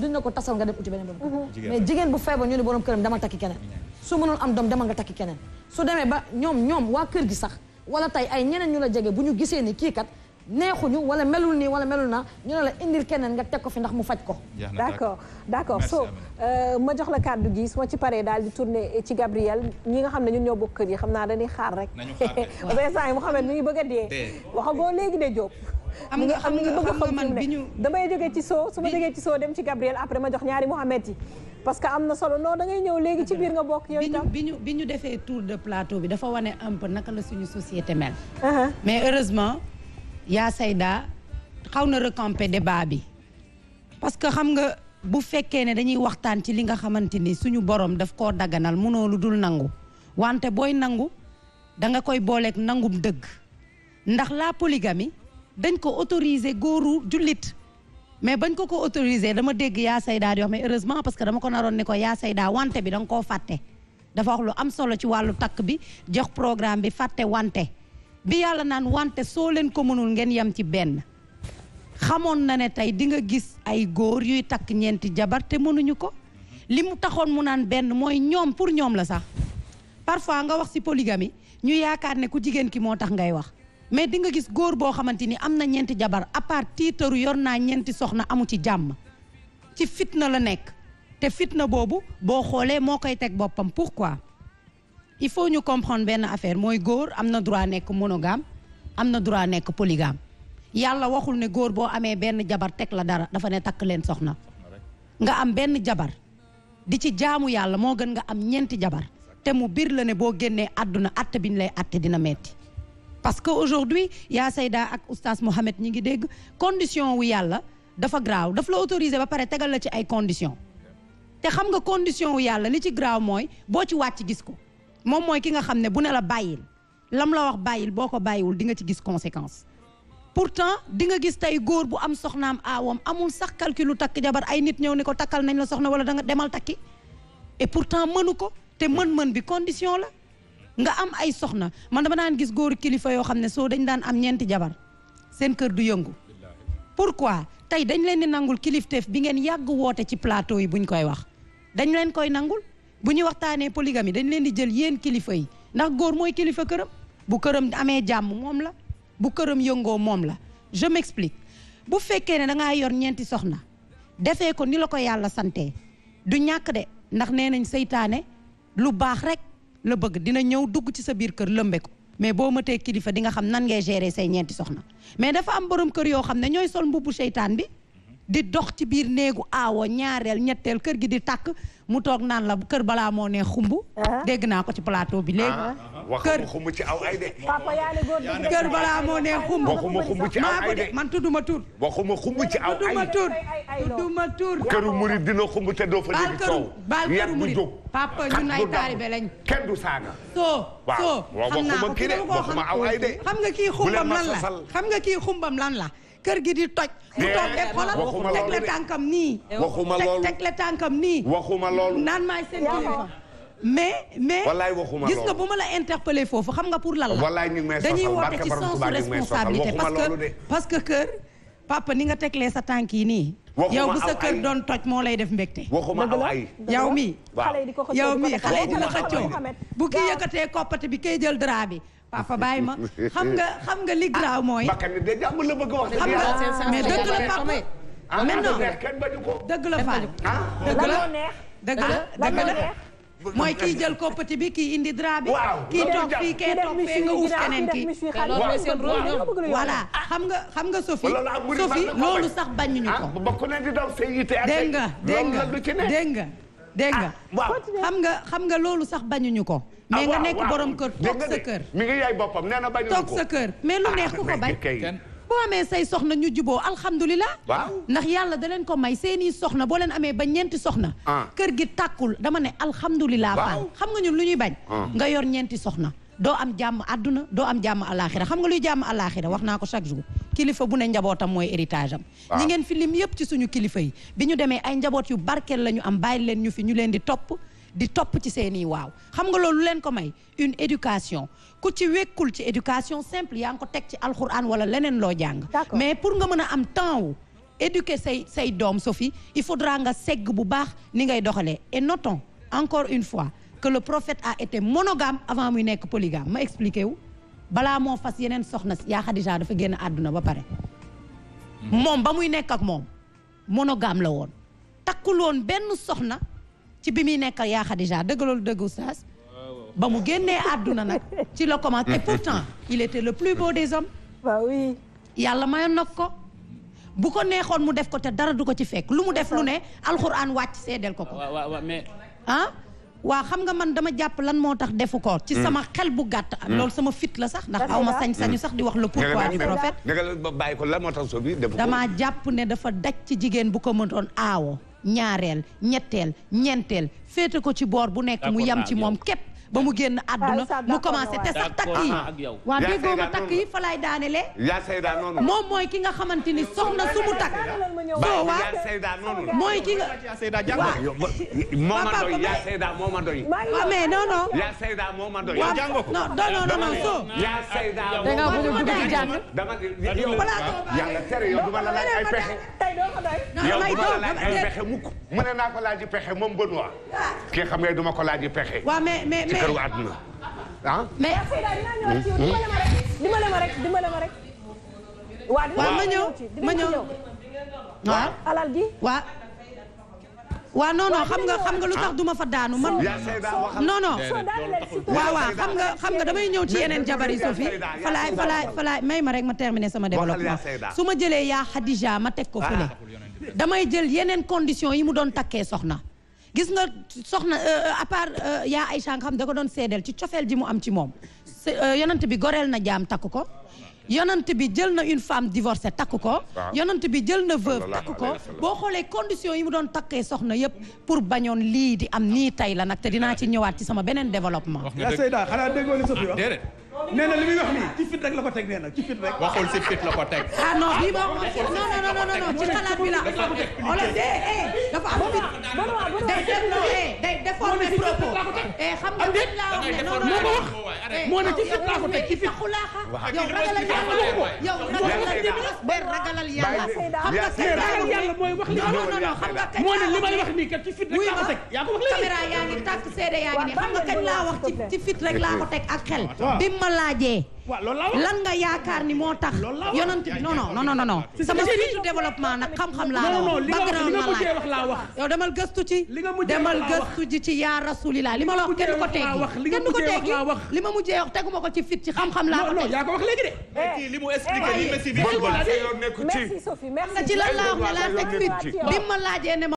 duñ na ko tasal nga dem uti beneen borom kër mais jigéen bu feebar ñu ne borom këram dama takki keneen su mënoon am doom dama nga takk keneen su demee ba ñoom ñoom waa kër gi sax wala tey ay ñeneen ñu la jege bu ñu gisee ni kii kat neexuñu wala melul nii wala melul na ñu ne la indil keneen nga teg ko fi ndax mu faj ko d'accord soo so ma jox la kàddu gi su ci paree daal di tourner ci Gabriel ñi nga xam ne ñu ñoo bokk kër yi xam naa dañuy xaar rek parce que saa yi mi ngi bëgg a dee waxam boo léegi de Diop am nga am nga bëgg xam man bi ñu damay jógee ci soo su ma jógee ci soo dem ci Gabriel après ma jox ñaari Mouhamed yi parce que am na solo non da ñëw léegi ci biir nga bokk yow itam bi ñu bi ñu defee tour de plateau bi dafa wane un peu naka la suñu société mel uh-huh. mais heureusement yaa Sayda xaw na de débat bi parce que xam nga bu fekkee ne dañuy waxtaan ci li nga xamante ni suñu borom daf koo daganal munoo lu dul nangu wante booy nangu da nga koy booleeg nangum dëgg ndax la polygamie dañ ko autorisé góoru jullit mais bañ ko ko autorisé dama dégg yaa saydaa di wax mais heureusement parce que dama ko naroon ni ko yaa saydaa wante bi danga koo fàtte dafa wax lu am solo ci wàllu takk bi jox programme bi fàtte wante bi yàlla naan wante soo leen ko mënul ngeen yem ci benn xamoon na ne tey di nga gis ay góor yuy takk ñeenti jabar te mënuñu ko li mu taxoon mu naan benn mooy ñoom pour ñoom la sax parfois nga wax ci polygamie ñu yaakaar ne ku jigéen ki moo tax ngay wax mais di nga gis góor boo xamante ni am na ñeenti jabar à part tiitaru yor naa ñeenti soxna amu ci jàmm ci fitna la nekk te fitna boobu boo xoolee moo koy teg boppam pour quoi il faut ñu comprendre benn affaire mooy góor am na droit nekk monogame am na droit nekk polygame yàlla waxul ne góor boo amee benn jabar teg la dara dafa ne takk leen soxna nga am benn jabar di ci jaamu yàlla moo gën nga am ñeenti jabar te mu biir la ne boo génnee àdduna àtte bi ñu lay àtte dina metti parce que aujourd'hui yaa Sayda ak oustaz Mohamed ñi ngi dégg condition wu yàlla dafa graaw daf la autorisé ba pare tegal la ci ay condition te xam nga condition wu yàlla li ci graaw mooy boo ci wàcc gis ko moom mooy ki nga xam ne bu ne la bàyyil lam la wax bàyyil boo ko bàyyiwul di nga ci gis conséquence pourtant di nga gis tey góor bu am soxnaam aawam amul sax calculu takk jabar ay nit ñëw ni ko takkal nañ la soxna wala danga demal takki et pourtant mënu ko te mën-mën bi condition la nga am ay soxna man dama daan gis góor kilifa yoo xam ne soo dañ daan am ñeenti jabar seen kër du yëngu pour pourquoi tey dañ leen di nangul kilifteef bi ngeen yàgg woote ci plateau yi bu ñu koy wax dañ leen koy nangul bu ñu waxtaanee polygamie dañ leen di jël yéen kilifa yi ndax góor mooy kilifa këram bu këram amee jàmm moom la bu këram yëngoo moom la je m'explique bu fekkee ne da ngaa yor ñeenti soxna defee ko ni la ko yàlla sante du ñàkk de ndax nee nañ seytaane lu baax rek la bëgg dina ñëw dugg ci sa biir kër lëmbe ko mais boo matee kilifa dinga xam nan ngay gérer say ñeenti soxna mais dafa am boroom kër yoo xam ne ñooy sol mbubbu seytaan bi di dox ci biir néegu aawo ñaareel ñetteel kër gi di tàkk mu toog naan la kër balaa moo ne xumb ah. dégg naa ko ci plateau bi léegi ah. kër waxuma ci aw ay de. papa yaa ne góor dëgg kër balaa moo nee xumb. waxuma xumb ci aw ay de man tudduma tur. waxuma xumb ci aw ay tudduma tur. tudduma tur. këru murid dina xumb te doo fa dégg coow. baal këru baal këru murid papa ñun ay taalibe lañ. kenn du saaga. soo soo xam naa ko kii waxuma aw ay de. xam nga kii xumbam lan la xam nga kii xumbam lan la. kër gi di toj. mu toog de xoolal teg la tànkam nii. waxuma loolu teg la tànkam nii. waxuma loolu naan maay seen kilifa mais mais wallaay waxuma gis nga bu ma la interpellé foofu xam nga pour la dañuy woote ci sensu responsabilité parce que parce que kër papa ni nga teglee sa tànk yi nii yow bu sa kër doon toj moo lay def mbégte waxuma aw ay yow mi yow mi xale yi di la xëccoo bu kii yëkkatee koppate bi kay jël drap bi papa bàyyi ma xam nga xam nga li graaw ah, mooy bakkan de jàmm la bëgg wax xam nga ah, mais dëgg la papa maintenant dëgg la faa dëgg la dëgg la ah, dëgg la mooy kii jël koppati bi kii indi drap bi. waaw kii toog fii kee toog fee nga uuf keneen kii. voilà xam nga xam nga Sophie. Sophie loolu sax bañuñu ah, ko. dégg nga dégg nga dégg nga dégg nga. xam nga xam nga loolu sax bañuñu ko. Ah, mais nga nekk boroom kër toog sa kër. mi ngi yaay boppam na bañuñu ko toog sa kër mais lu ah, neex ku ko bañ. boo amee say soxna ñu juboo alhamdulilah. waaw ndax yàlla da leen ko may seeni soxna boo leen amee ba ñeenti soxna. Ah. kër gi tàkkul dama ne alhamdulilah. waaw xam nga ñu lu ñuy bañ. Ah. nga yor ñeenti soxna. doo am jàmm àdduna doo am jàmm alaaxira xam nga luy jàmm alaaxira wax naa ko chaque jour kilifa bu ne njabootam mooy héritage am ñi ngeen fi lim ci suñu kilifa yi bi ñu demee ay njaboot yu barkeel la am bàyyi leen ñu fi ñu leen di topp di topp ci seeni waaw xam nga loolu leen ko may une éducation ku ci wekkul ci éducation simple yaa ngi ko teg ci alxuraan wala leneen loo jàng mais pour nga mën a am temps wu éduquer say say doom Sophie il faudra nga segg bu baax ni ngay doxalee et notons encore une fois que le prophète a été monogame avant muy nekk polygame ma expliqué wu balaa moo fas yeneen soxna yaa Xadija dafa génn àdduna ba pare mhm. moom ba muy nekk ak moom monogame la woon takkul woon benn soxna ci bi muy nekk yaa Khadija dëgg loolu dëgg oustaz ba mu génnee àdduna nag ci la commencé et pourtant il était le plus beau des hommes waaw oui yàlla mayoon nag ko bu ko neexoon mu def ko te dara du ko ci fekk lu mu def lu ne alxuraan wàcc seedeel ko ko ah waa xam nga man dama jàpp lan moo tax defu ko ci hmm. sama xel bu gàtt hmm. loolu sama fit la sax ndax aw ma sañ-sañu sax di wax le pourquoi du prophète bàyyi ko lan moo tax so bi defu damaa jàpp ne dafa daj ci jigéen bu ko mën mënoon aawo ñaareel ñetteel ñeenteel féete ko ci boor bu nekk mu yam ci moom képp ba mu génn àdduna mu commencé te sax takk yi waa déggoo ma takk yi fa laay daanele moom mooy ki nga xamante ni soxna su mu takk soo waa mooy ki nga waa papa waa mais non non waa non non non non soo danga bëgg a dugg ci jàng voilà. mu ne naa ko laaji pexe moom Benoît. kii xam nga duma ko laaji pexe. waaw mais mais mais yaakaaru àdduna ah. mais ma rek dimbale ma rek waaw ma xam nga xam nga lu tax duma fa daanu man. non non waaw xam nga xam nga damay ñëw ci yeneen jabari Sofi falaay falaay falaay may ma rek ma terminer sama développement su ma jëlee yaa Khadija ma teg ko fële ah. damay jël yeneen condition yi mu doon takkee soxna. gis nga soxna euh, à part euh, yaa ay nga xam da ko doon seedeel ci cofeel ji mu am ci moom euh, yonent bi goreel na jaam takk ko yonant bi jël na une femme divorcée takk ko yonent bi jël na veuve takk ko boo xoolee conditions yi mu doon takkee soxna yëpp pour bañoon lii di am nii tey la nag te dinaa ci ñëwaat ci sama beneen développement yaa li muy wax nii ci fit rek la ko teg nee na ci fit rek waxul ci fit la ko teg ah non bii boo non ci xalaat bi la Eh, day déformé propos eh, xam nga lan ah, laa wax ne noonu la wax moo ne ci fit laa ko teg ci fit yow ragalal yàlla yow ragalal yàlla benn ragalal yàlla xam nga kay ragalal yàlla mooy wax li non non non xam nga kañ moo ne li may wax nii kat ci fit rek laa ko teg yaa ko wax léegi caméra yaa ngi tàkk seede yaa ngi ne xam nga kañ laa wax ci ci fit rek laa ko teg ak xel bi ma laajee lan nga yaakaar ni moo tax yonent bi non non non non sama fitu développement nag xam-xam laa la wax background ma laaj yow demal gëstu ci demal gëstu ji ci ci yaa rasulillah li ma la wax kenn du ko teggi kenn du ko teggi li ma mujjee wax teguma ko ci fit ci xam-xam laa ko teg yaa ko wax léegi eh, li mu expliqué li Messi bi merci Sophie merci laa wax laa teg fit bi